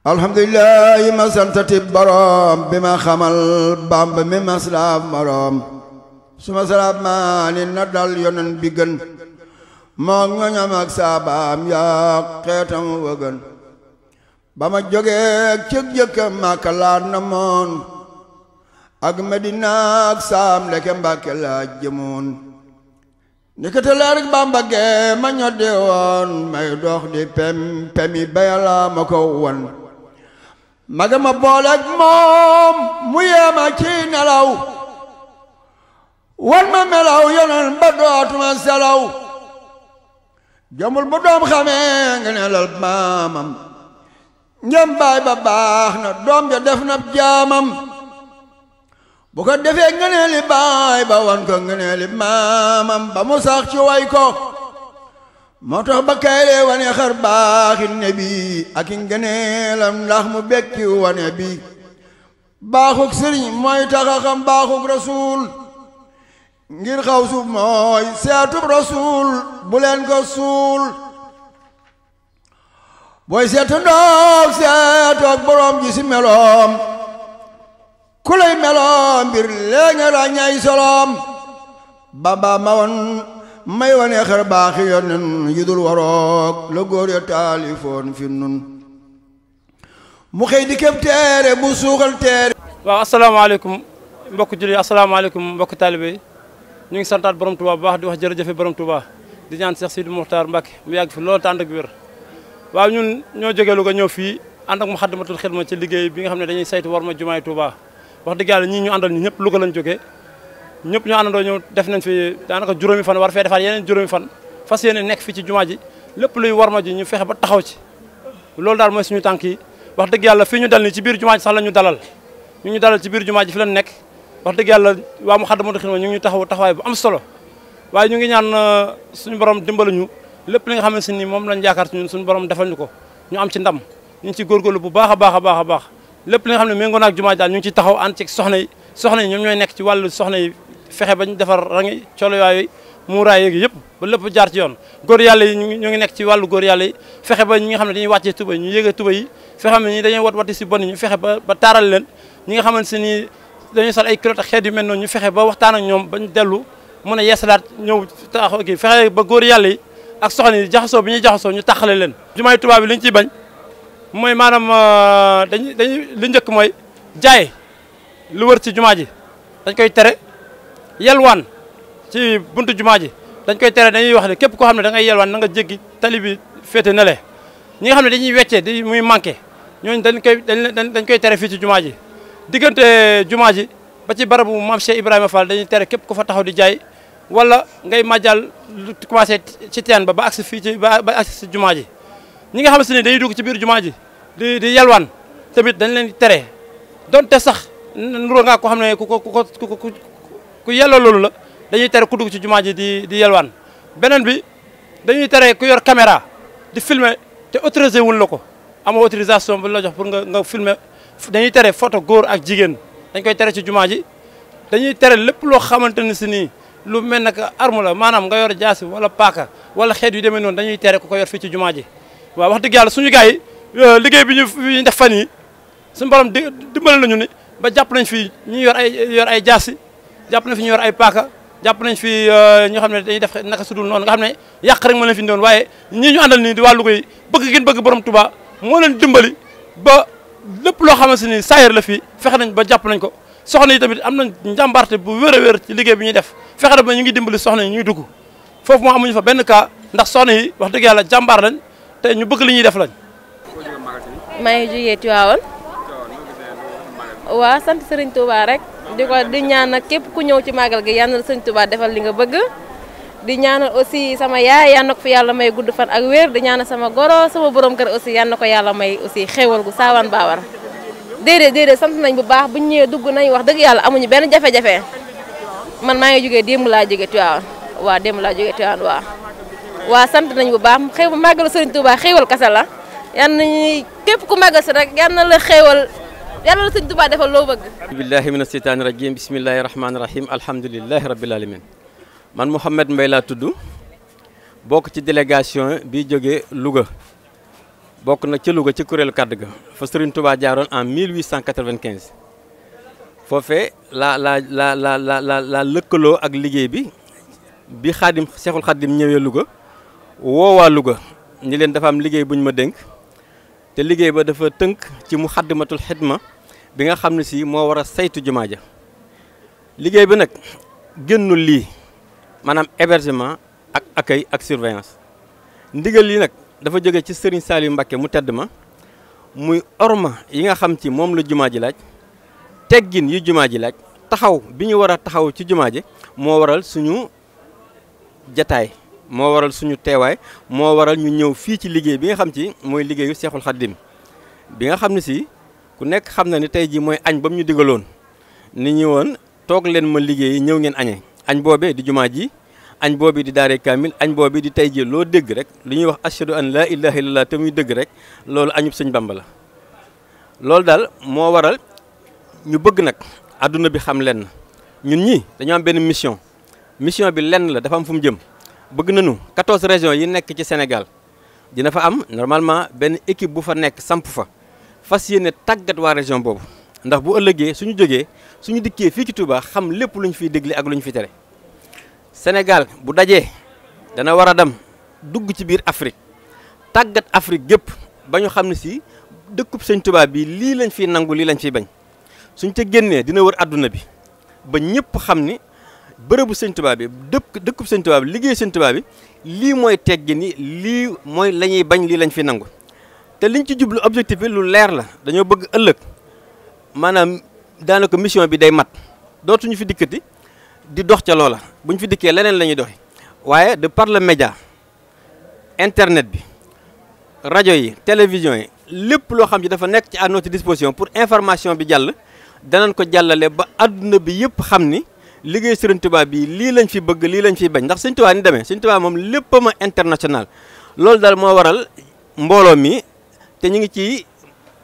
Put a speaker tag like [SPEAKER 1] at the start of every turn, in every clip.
[SPEAKER 1] alhamdulilah ma santati borom bi ma xamal bamb mi maslaab morom su ma salaab maa ni na dal yonen bi gën moo ñoñam ak saabaam yaa xeetam wëgën ba ma jógee cëg jëkka màkka laa na moon ak medina ak saam leke mbàkke laa jëmoon ndikete leerik bàmba gee ma ñoddi woon may dox di pem pemi bayala ma ko won magama booleeg moom mu yéema ci nelaw wan ma melaw yonen ba dootuma selaw jomul bu doom xamee nga ne lal maamam ngem baay ba baax na doom ja def na jaamam bu ko defee nga ne baay ba wan ko nga ne li maamam ba mu sax ci way ko moo tax ba kaylee wane xar baaxi nebi ak i ngëneelam ndax mu bekki wane bi baaxuk sëriñ mooy taxa xam baaxuk rasuul ngir xaw su mooy seetub rasuul bu leen ko suul booy seetu ndoom seetoog boroom si meloom ku lay meloom mbir lee nga ràññay soloom may wane xar baaxi yo nen yi dul waroog la góor ya taalifoon fi nun mu xëy di képp teere bu suuxal teere waaw asalaamaaleykum mbokk
[SPEAKER 2] julli asalaamaaleykum mbokk taalibe ñu ngi santaat borom Touba bu baax di wax jërëjëfe borom Touba di ñaan Cheikh Sidi Moukhtar Mbacké mu yàgg fi loolu te ànd ak wér waaw ñun ñoo jógee Louga ñëw fii ànd ak Moukhaddamatoul Khidma ci liggéey bi nga xam ne dañuy sayt war ma jumaay Touba wax dëgg yàlla ñii ñu àndal ñu ñëpp Louga lañ jógee ñëpp ñu àndandoo ñu def nañ fi daanaka juróomi fan war fee defaat yeneen juróomi fan fas yéene nekk fi ci juma ji lépp luy ma ji ñu fexe ba taxaw ci loolu daal mooy suñu tànk yi wax dëgg yàlla fii ñu dal ni ci biir juma ji sax la ñu dalal ñu ñu dalal ci biir juma ji fi lañ nekk wax dëgg yàlla waa mu xaddamatu xidma ñu ngi ñu taxaw taxawaay bu am solo waaye ñu ngi ñaan uh, suñu borom dimbali ñu lépp li nga xamante ni moom lañ yaakaar ci ñun suñu borom defal ñu ko ñu am ci ndam ñu ci góorgóorlu bu baax a baax a baax a baax lépp li nga xam ne méngoo naag juma ji daal ñu ci taxaw ànd ci soxna yi soxna yi ñoom ñooy nekk ci wàllu soxna yi fexe ñu defar rangi colo yaayu muuraay yeegi yëpp ba lépp jaar ci yoon góor yàlla yi ñu ngi nekk ci wàllu góor yàlla fexe ba ñi xam ne dañuy wàccee tuba yi ñu yéegee tuba yi fexe ba ñi dañuy wat wati si bon ñu fexe ba ba leen ñi nga xamante ni dañuy sol ay culotte xeet yu mel noonu ñu fexe ba waxtaan ak ñoom bañ dellu mën a yeesalaat ñëw taxaw gi fexe ba góor yàlla yi ak soxna yi jaxasoo bi ñuy jaxasoo ñu taxale leen jumaay tubaab bi li ñu ciy bañ mooy maanaam euh, dañuy dañuy li njëkk mooy jaay lu wër ci jumaa ji dañ koy tere yelwan ci buntu jumaaji ji dañ koy tere dañuy wax ne képp ko xamné da ngay yelwan nga jéggi tali bi féete ñi nga xamné dañuy wéccé di muy manké ñoo dañ koy dañ koy tere fi ci jumaa ji jumaaji ji ba ci barabu mam Cheikh Ibrahima Fall dañuy tere képp ku fa taxaw di jaay wala ngay màjjal lu commencé ci teen ba ba agsi fi ci ba agsi ci jumaa ji ñi nga xamné dañuy dugg ci biir jumaa ji di di yelwan tamit dañ leen tere donte sax nuro nga ko xamné ku ko ku ko ku yelloo loolu la dañuy tere ku dugg ci jumaa ji di di yelwaan beneen bi dañuy tere ku yor caméra di filmer te autorisé wul la ko amoo autorisation bu la jox pour nga nga filmer dañuy tere photo góor ak jigéen dañ koy tere ci jumaa ji dañuy tere lépp loo xamante ni si nii lu mel nag arme la maanaam nga yor jaasi wala paaka wala xeet yu demee noonu dañuy tere ku ko yor fii ci jumaa ji waaw wax dëgg yàlla suñu gars euh, liggéey bi ñu def fan yi suñu borom dimbale nañu ni ba jàpp nañ fi ñuy yor ay yor ay jaasi japp nañ fi ñu yor ay paaka japp nañ fi euh, ñu xamne dañuy def naka sudul non nga xamne yak rek mo leen fi doon waye ñi ñu andal ni di walu koy bëgg gën bëgg borom tuba mo leen dimbali ba lepp lo xamanteni sayer la fi fex nañ ba japp nañ ko soxna yi tamit am nañ njàmbarte bu wér wër ci liggéey bi ñuy def fex na ba ñu ngi dimbali soxna yi ñuy dugg fofu mo amuñu fa benn cas ndax soxna yi wax dëgg yàlla jàmbaar lañ te ñu bëgg li ñuy def lañ
[SPEAKER 3] may ngi jógee Tiwaawan waaw sant Serigne Touba rek di ko di ñaanal képp ku ñëw ci magal gi yalla señ tuba defal li nga bëgg di ñaanal aussi sama yaay ya na fi yalla may gudd fan ak wër di ñaanal sama goro sama borom kër aussi yàlla na ko may aussi xéewal gu sawan bawar dédé dédé sant nañ bu baax bu ñëw dugg nañ wax dëgg yalla amuñu benn jafe-jafe man ma ngi joggé dem la joggé tuwa wa dem la joggé tuwa wa wa sant nañ bu baax xéew magal señ tuba xéewal kassa la yalla ñi képp ku magal rek yalla la xéewal yalla la sëñ Tuubaa defal lo bëgg
[SPEAKER 4] billahi mina seytaani rajim bismillahir rahmanir rahim alhamdulilahi rabbil alamin man Mouhamed Mbaye la tudd bok ci délégation bi jógee Louga bok na ci Louga ci kurel kàdd ga fa Serigne Touba jaron en 1895 fofé la la la la la la la lëkkaloo ak liggéey bi bi khadim Seexul khadim ñëwee Louga woowaa Louga ñi leen dafa am liggéey buñ ma dénk te liggéey ba dafa tënk ci mu xaddimatul xidma bi nga xam ne si moo war a saytu jumaa ja liggéey bi nag génnul lii maanaam hébergement ak accueil ak surveillance ndigal lii nag dafa jóge ci Serigne Saliou Mbacké mu tedd ma muy orma yi nga xam ci moom la jumaa ji laaj teggin yu jumaa ji laaj taxaw bi ñu war a taxaw ci jumaa ji moo waral suñu jataay moo waral suñu teewaay moo waral ñu ñëw fii ci liggéey bi nga xam ci mooy liggéeyu Seexul Xaddim bi nga xam ne si ku nekk xam na ne tey jii mooy añ ba mu ñu digaloon nit ñi woon toog leen ma liggéey ñëw ngeen añee añ boobee di jumaa ji añ boobi di daare kaamil añ boobi di tey jii loo dégg rek li ñuy wax ashhadu an laa ilaaha illallaah te muy dégg rek loolu añub sëñ Bàmba la loolu daal moo waral ñu bëgg nag àdduna bi xam lenn ñun ñi dañoo am benn mission mission bi lenn la dafa fu mu jëm bëgg nañu 14 régions yi nekk ci Sénégal dina fa am normalement ben équipe bu fa nekk samp fa fas yéene tàggat région bobu ndax bu ëllëgé suñu joggé suñu dikké fi ci Touba xam lépp lu fi ak fi Sénégal bu dajé dana wara dam dugg ci biir Afrique tagat Afrique gep bañu ñu xam si dekkup sëñ Touba bi li lañ fi nangul li lañ ci bañ suñ ca génné dina wër aduna bi ba ñëpp xam bërëbu seigne nous bi deuk seigne bi bi ni bañ li lañ fi nangu té liñ ci djublu objectif lu la dañoo bëgg ëlëk mission bi day mat fi dikkati di dox ca loola buñ fi de par média internet bi télévision yi lepp xam à notre disposition pour information bi nous danañ ko jallalé ba liggéey sëriñ tubaab bi lii lañ fi bëgg lii lañ fi bañ ndax sëriñ Tuubaa ni demee sëriñ Tuubaa moom lépp ma international loolu daal moo waral mbooloo mi te ñu ngi ci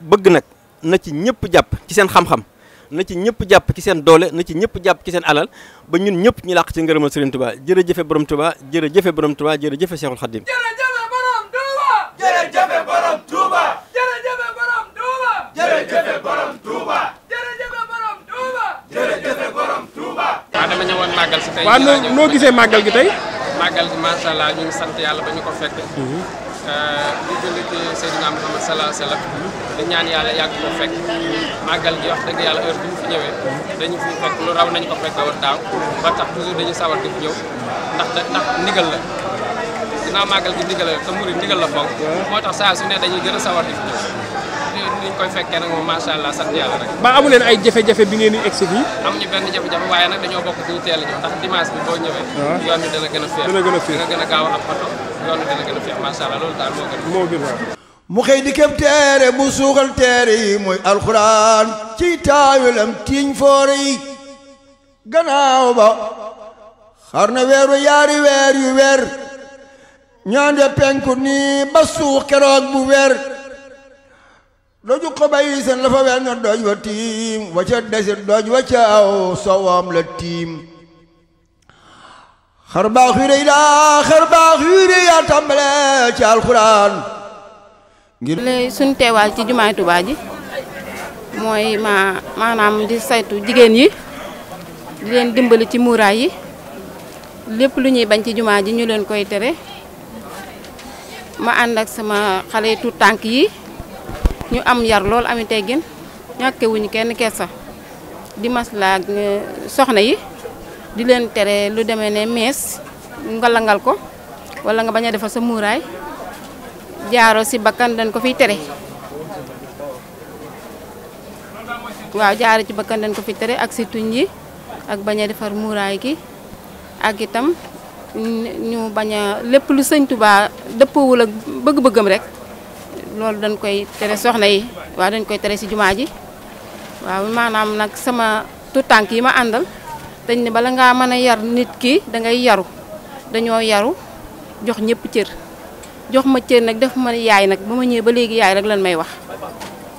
[SPEAKER 4] bëgg nag na ci ñëpp jàpp ci seen xam-xam na ci ñëpp jàpp ci seen doole na ci ñëpp jàpp ci seen alal ba ñun ñëpp ñu làq ci ngërëmal sëriñ Tuubaa jërëjëfe borom Tuubaa jërëjëfe borom tubaa Tuubaa jërëjëfe Seexul Xadiim
[SPEAKER 2] dama ñëwoon màggal si tey. waaw noo noo gisee màggal gi tey. màggal gi macha allah ñu ngi sant yàlla ba ñu ko fekk. Mhm. Euh, di julli ci Seydina Muhammad salaa salaam mhm. di yàlla yàgg ko fekk màggal gi wax dëgg yàlla heure bu ñu fi ñëwee mhm. nañu ko daaw ba tax toujours dañu sawar ñëw ndax da la dinaa màggal gi ndigal la te murid ndigal la foog moo tax saa su ne dañuy gën a sawar di fi ñëw niñ koy fekkee nag moom macha rek ba amu ay jafe-jafe bi ngeen di egsi fii amuñu benn jafe-jafe waaye nag dañoo bokk dimanche bi ah. yoon gaaw
[SPEAKER 1] yoon mu xey di kem téré bu suugal téré yi moy alquran ci foore yi gannaaw ba xar na weeru yaari weer ñaan de ya penku ni ba suux keroog bu weer doju bayi sen la fa wel no doj wa tim wa ca des doj wa caaw sowaam la tiim la tim yu rëy daa xar baax yu rëy
[SPEAKER 3] ci alquran ngir le sun tewal ci jumaay tuba ji moy ma manam di saytu jigen yi di len dimbali ci muuraay yi lepp lu ñuy bañ ci jumaa ji ñu len koy téré ma ànd ak sama xalé tuut tank yi ñu am yar lool ami ñaké wuñu kenn kessa di maslaa eh, soxna yi di leen téré lu démé né mes ngalangal ko wala nga baña a sa muray jaaro si bakkan dañ ko fi téré waaw jaaro ci bakkan dañ ko fi téré ak si tuñ yi ak baña defar muray gi ak itam ñu baña lepp lu señ tubaa dëppawul ak bëgg-bëggam rek lolou dañ koy téré soxna yi wa dañ koy téré ci jumaaji wa manam nak sama sama tank yi ma andal dañ ni bala nga mëna yar nit ki da ngay yaru dañu yaru jox ñepp cër jox ma cër nak def ma yaay nak ba ñëw ba légui yaay rek lan may wax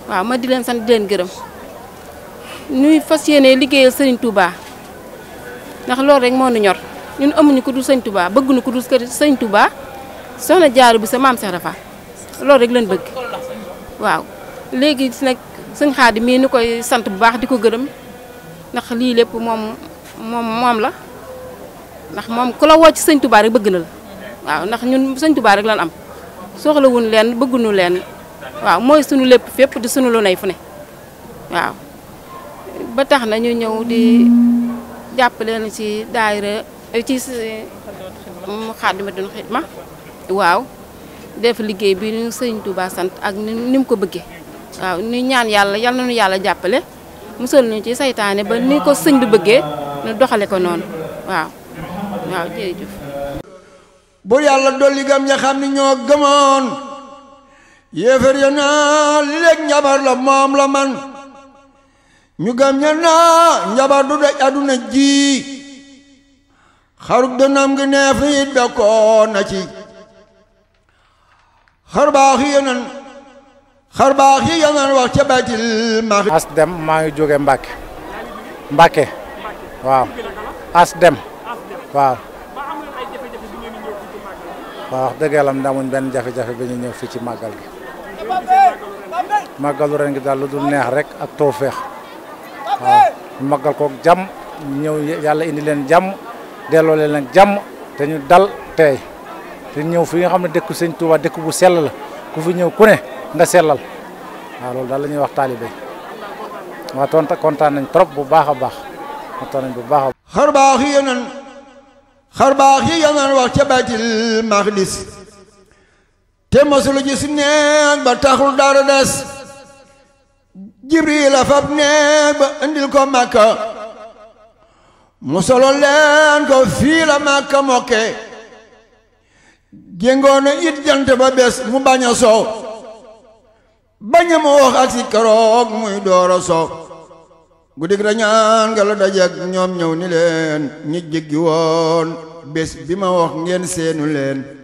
[SPEAKER 3] wa ma di leen sant di leen gërëm nuy fassiyene yéene liggéeyal Serigne Touba ndax lool rek mo nu ñor ñun amuñu ku dul Serigne Touba ñu ku dul Serigne Touba soxna jaaru bi sa maam Cheikh Rafa loolu dégg lañ bëgg waaw léegi nag sëñ Xaadim mii ni koy sant bu baax di ko gërëm ndax lii lépp moom moom moom la ndax moom ku la woo ci sëñ Touba rek bëgg na la waaw ndax ñun sëñ Touba rek lañ am soxlawuñ leen bëgguñu leen waaw mooy sunu lépp fépp di sunu lu nay fu ne waaw ba tax na ñëw di jàppale leen ci daayira ci Xaadimatul Xidma waaw def liggéey bi ñu sëriñ Touba sant ak ni mu ko bëggee waaw ñu ñaan yàlla yal nañu yàlla jàppale musal ñu ci saytaane ba ni ko sëñ bi bëggee ñu doxale ko noonu waaw waaw jërëjëf. bu yàlla dolli
[SPEAKER 1] gam ña xam ni ñoo gëmoon yéefar ya naa li njabar la moom la man ñu gam ña naa njabar du daj àdduna ji xarug dënam gi neef it bekkoo na ci xarbaaxiyanan xarbaaxiyanan wax ca baytil max as dem maa ngi jóge Mbàkke Mbàkke waaw
[SPEAKER 2] as dem waaw ba wax dëgg yàlla ndamuñ benn jafe-jafe bi ñu ñëw fii ci màggal gi màggalu ren gi daal lu dul neex rek ak toofeex waaw màggal koog jàmm ñëw yàlla indi leen jàmm delloo leen nag te ñu dal tey ñëw fi nga xamne dëkk seigne Touba dëkk bu sel la ku fi ñëw ku ne nga selal wa loolu dal lañuy
[SPEAKER 1] ñuy wax taalibe waa tonta contane nañ trop bu baax a baax kontaan nañ bu baaxa a xar baax yi yeneen xar baax yi yeneen wax ca baytil maqdis te mosulu gis ak ba taxul dara dess jibril a fab neen ba indil ko màkka mosolo leen ko fii la màkka mokke jéngoona it jant ba bés mu bañ a soow bañ a ma wax ak si muy door a soow rañaan nga la ñoom ñëw ni leen ñi jéggi woon bés bi ma wax ngeen seenu leen